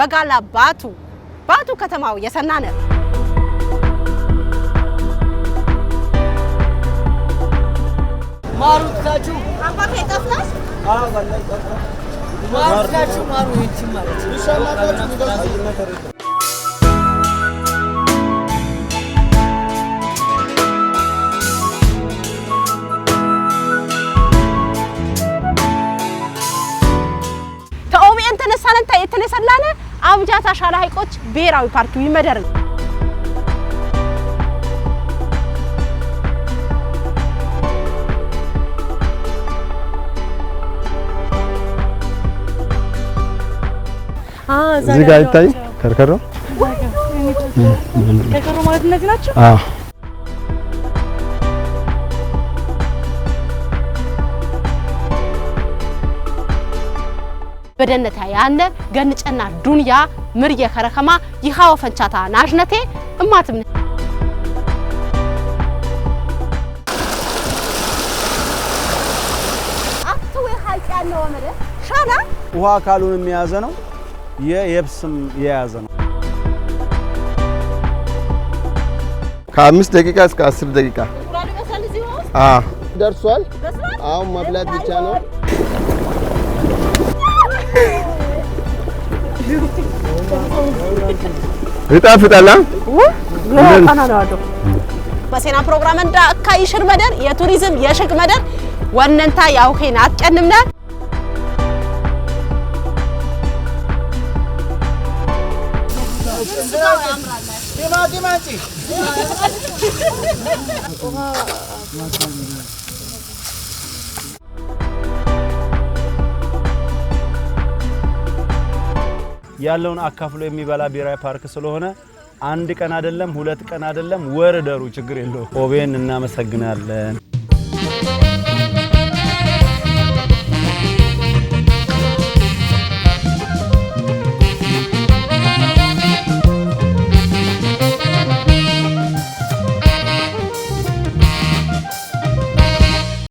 በጋላ ባቱ ባቱ ከተማው የሰናነት ማሩ ታችሁ አባቴ ጠፍናሽ? አዎ ባላይ ጠፍናሽ። ማሩ ታችሁ ማሩ ይቺ ማለት ነው። ተኦሚኤን ተነሳለን ታይ አብጃታ ሻላ ሃይቆች ብሔራዊ ፓርክ ይመደር ነው። እዚህ ጋር ይታይ ከርከሮ ከርከሮ ማለት እነዚህ ናቸው። በደነታ ያነ ገንጨና ዱንያ ምርየ ከረከማ ይሃወ ፈንቻታ ናሽነቴ እማትም ሻላ ውሃ አካሉንም የያዘ ነው። የየብስም የያዘ ነው። ከአምስት ደቂቃ እስከ አስር ደቂቃ ደርሷል። አሁን መብላት ብቻ ነው። ይጣፍጣል። መሴና ፕሮግራም እንዳ እካ ይሽር መደር የቱሪዝም የሽግ መደር ወነንታ ያውኬን አትቀንምና ያለውን አካፍሎ የሚበላ ብሔራዊ ፓርክ ስለሆነ አንድ ቀን አይደለም፣ ሁለት ቀን አይደለም፣ ወር ደሩ ችግር የለው ኦቤን እናመሰግናለን።